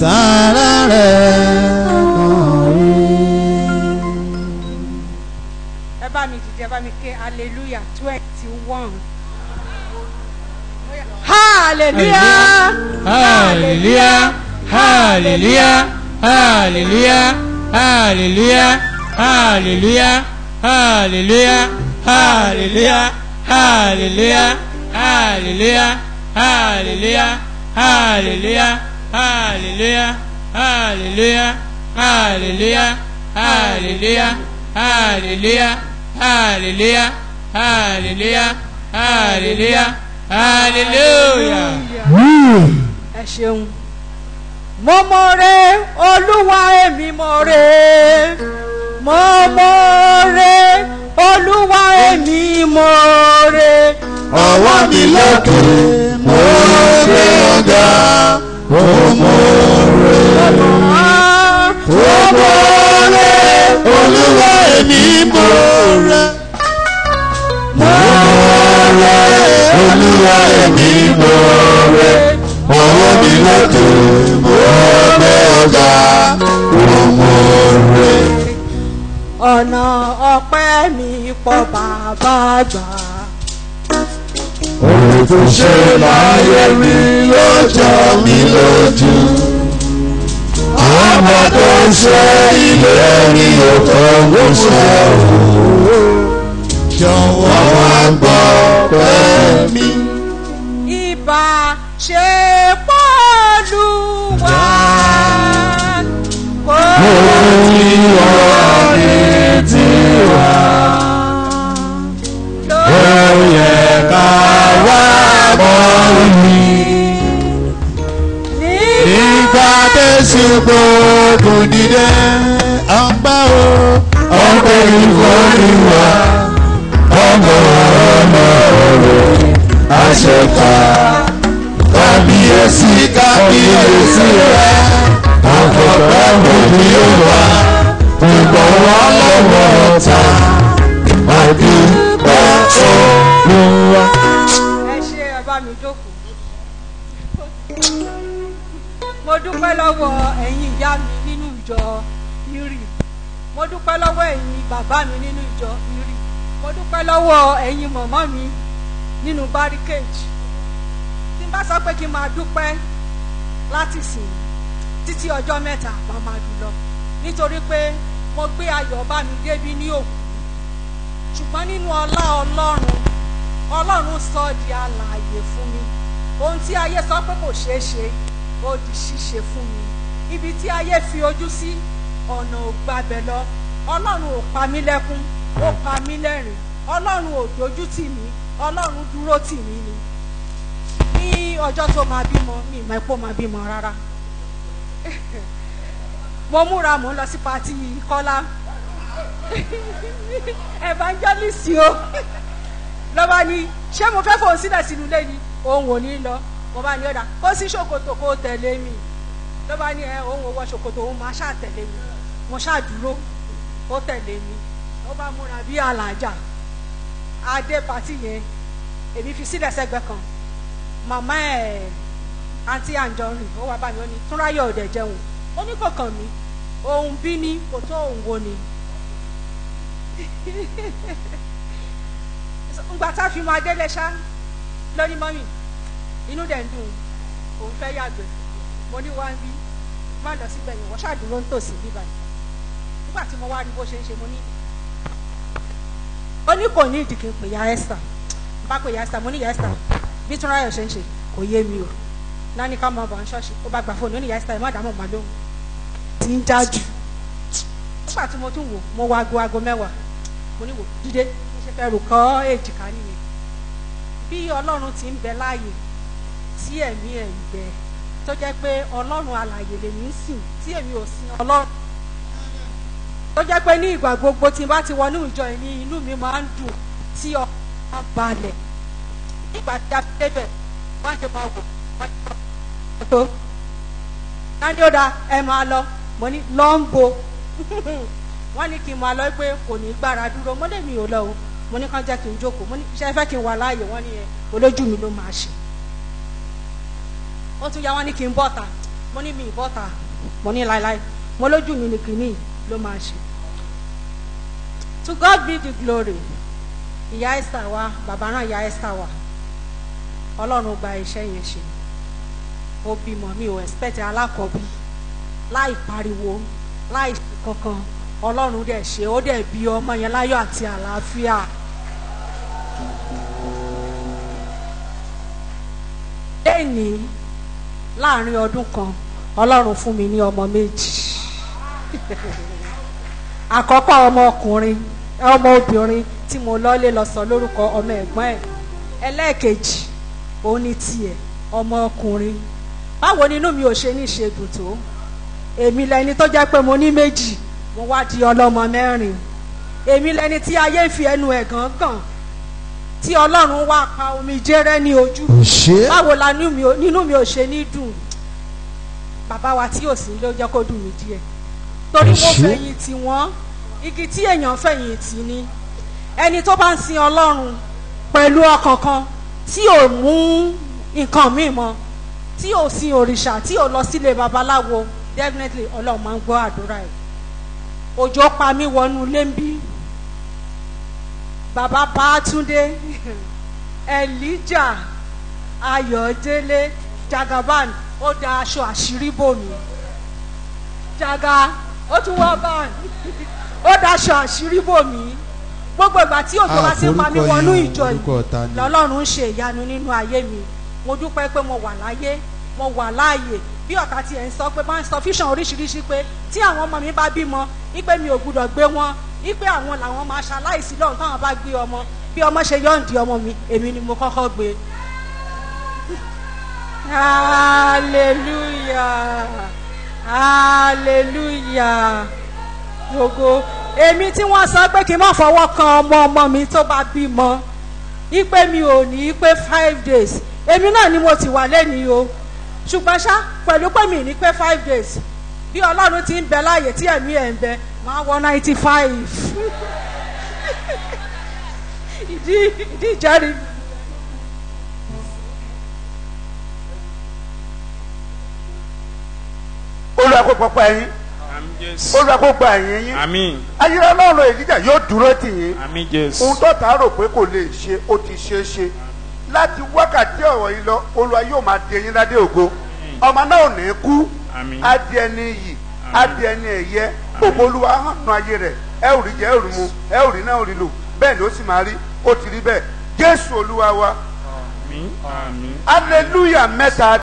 sára rẹ̀ ẹ bá mi dìde bá mi ké hallelujah twenty one. hallelujah hallelujah hallelujah hallelujah hallelujah hallelujah hallelujah hallelujah hallelujah hallelujah hallelujah hallelujah hallelujah, hallelujah, hallelujah, hallelujah, hallelujah, hallelujah, hallelujah, hallelujah, hallelujah. ẹ ṣeun mo mọ re olúwa èmi mọ re mo mọ re olúwa èmi mọ re ọwọ́ mi lókè mo rẹ mo rẹ olúwa èmi mo rẹ ọwọ́ mi lọ́tọ̀ mo rẹ ọ̀gá mo rẹ. ọ̀nà ọpẹ́ mi pọ̀ bàbá àgbà. Òkú ṣe máa yẹ mi lọ́jọ́ mi lójú ọmọ tó ń ṣe ilé ní òtò gbèsè òwò jọ̀wọ́ wá gbọ́ pẹ́ mi. ibà ṣe pọ́ọ̀lù. Jésù gbòògùn dìde ọgbà o ọgbà ìwọ ìwà ọmọ ọmọ òwe àṣẹká. mo dúpẹ́ lọ́wọ́ ẹ̀yin ìyá mi nínú ìjọ ìrì mo dúpẹ́ lọ́wọ́ ẹ̀yin bàbá mi nínú ìjọ ìrì mo dúpẹ́ lọ́wọ́ ẹ̀yin mọ̀mọ́ mi nínú barricade tí n bá sọ pé kí n máa dúpẹ́ láti sìn títí ọjọ́ mẹ́ta bá máa dùn lọ nítorí pé mo gbé ayọ̀ bá mi débi ní òkú ṣùgbọ́n nínú ọlá ọlọ́run ọlọ́run sọ di alààyè fún mi ohun tí ayé sọ pé kò ṣeé ṣe ó di ṣíṣe fún mi ibi tí ayé fi ojú sí ọ̀nà ò gbabẹ̀ lọ ọlọ́run ò pa mí lẹ́kún ó pa mí lẹ́rìn ọlọ́run ò dojú tì mí ọlọ́run dúró tì mí ni ní ọjọ́ tó máa bímọ mi ìmọ̀ epo máa bímọ rárá mo múra mò ń lọ sí pati kọ́lá evangelist o lọ́ba ni ṣé mo fẹ́ fòun sílẹ̀ sínú ilé ni òun ò ní lọ mo bá ní ọ̀dà kó sí ṣòkòtò kó tẹ̀lé mi lọ́ba ni ẹ òun ò wọ ṣòkòtò òun máa ṣàtẹ̀lé mi mo ṣàdúró ó tẹ̀lé mi ó bá múra bí alájà adé pàtì yẹn èmi fi sílẹ̀ sẹ́gbẹ́ kan màmá ẹ̀ àǹtí àǹjọrìn ó wá bá mi ó ní túnráyọ̀ ọ̀dẹ̀ jẹun ó ní kò kàn mí òun bí ní kò tó òun wo ni. ńgbà a fi mọ adélé ṣá lórí mọ́mì inú dẹ̀ ń dùn òun fẹ́ yàgbẹ́ mo ní wá ń bí má lọ wọ́n ṣàdúró ń tòsí nígbà tí mo wá rí bó ṣe ń mo ní ó ní kò ní ìdìkì ya ẹ́sà bá pè ya mo ní ya ẹ́sà bí túnra yọ̀ ṣe ń ṣe kò yé mi o nání ká máa bọ̀ ń ṣọ́ọ̀ṣì ó bá gbà fóònù ó ní ya ẹ́sà ẹ̀ má dààmú ti tí mo tún ṣe fẹ́ rò kọ́ èjìká nìyẹn bí ọlọ́run ti ń bẹ láàyè tí ẹ̀mí ẹ̀ ń tó jẹ́ pé ọlọ́run alàyè lè ń sìn tí èmi ò sin ọlọ́run tó jẹ́ pé ní ìgbà gbogbo tí n bá ti wọnú ìjọ ẹ̀mí inú mi máa ń dùn tí ọkọ̀ balẹ̀ nígbà tí a fi débẹ̀ wọ́n ṣe wò wọ́n ṣe máa mo ní kán jẹ́ kí n jókòó mo ní ṣe fẹ́ kí n wà láàyè wọ́n ní olójú mi ló máa ṣe ó tún yá wọ́n ní kí n bọ́ta mo ní mi bọ́ta mo ní láéláé mo lójú mi ní kìíní ló máa ṣe to God be the glory ìyá Esther wa bàbá náà ìyá Esther wa ọlọ́run gba iṣẹ́ yẹn ṣe ó bímọ mi ò expect alákọ̀ọ́bí láì pariwo láì kankan ọlọ́run dẹ̀ ṣe ó dẹ̀ bí ọmọ yẹn láyọ̀ àti àlàáfíà. lẹ́ni láàrin ọdún kan ọlọ́run fún mi ní ọmọ méjì àkọ́kọ́ ọmọ ọkùnrin ọmọ obìnrin tí mo lọ́lé lọ sọ lórúkọ ọmọ ẹ̀gbọ́n ẹ̀ ẹlẹ́ẹ̀kejì òun ni tiẹ̀ ọmọ ọkùnrin báwo ni inú mi ò ṣe ní ìṣègùn tó èmi lẹni tó jẹ́ pé mo ní méjì mo wá di ọlọ́mọ mẹ́rin èmi lẹni tí ayé ń fi ẹnu ẹ̀ gángan tí ọlọ́run wá pa omi jẹ́rẹ́ ní ojú báwo la nínú mi ò ṣe ní dùn bàbá wa tí ò sí ló jẹ́ kó dùn mí díẹ̀ torí mo fẹ̀yìn tì wọ́n igi tí èèyàn fẹ̀yìn tì ni ẹni tó bá ń sin ọlọ́run pẹ̀lú ọkàn kan tí ò mú nǹkan míì mọ́ tí ò sin òrìṣà tí ò lọ sílé babaláwo definitely ọlọ́run máa ń gbọ́ àdúrà ẹ̀ òjò pa mí wọnú lẹ́ńbí bàbá Bátúndé Elijah Ayọ̀délé Jagaban ó da aṣọ àṣírí bò jaga ó tún wá ban ó da aṣọ àṣírí bò gbogbo ìgbà tí òjò wá sí pa wọnú ìjọ yìí lọ́lọ́run ṣe ìyanu nínú ayé mi mo dúpẹ́ pé mo wà láyé mo wà láàyè bí ọ̀tá tiẹ̀ ń sọ pé máa ń sọ fíṣàn oríṣiríṣi pé tí àwọn ọmọ mi bá bímọ ní mi ò gbúdọ̀ gbé wọn wípé àwọn làwọn máa ṣaláìsí lọ́run táwọn bá gbé ọmọ bí ọmọ ṣe yọ̀ǹdì ọmọ mi èmi ni mo kọ́kọ́ gbé hallelujah hallelujah gbogbo èmi tí wọ́n sọ pé kí n má fọwọ́ kan ọmọ ọmọ mi tó bá bímọ ipe mi ò ní pé five days èmi náà ni mo ti wà lẹ́nìí o ṣùgbọ́n ṣá pẹ̀lú pé mi ní pé five days bí ọlọ́run ti ń bẹ láàyè tí ẹ̀mí ẹ̀ ń bẹ máa wọ ninety five ìdí ìdí ìjẹ́rìí. olùwàkó pọpọ ẹyin olùwàkó gba ẹyin yín ayẹyẹ Ọlọ́run èyíjà yóò dúró tì yín ohun tó tà á rò pé kò lè ṣe ó ti ṣe é ṣe láti wákàtí ọ̀rọ̀ yìí lọ Olúwa yóò máa di ẹyin ládé ògo ọmọ náà ò ní kú á di á di ẹni ẹ̀yẹ gbogbo olúwa hàn nù ayé rẹ̀ ẹ ò rí jẹ ẹ ò rí mu ẹ ò rí náà ò rí lò bẹ́ẹ̀ ló sì máa rí ó ti rí bẹ́ẹ̀ jésù olúwa wa hallelujah mẹ́ta.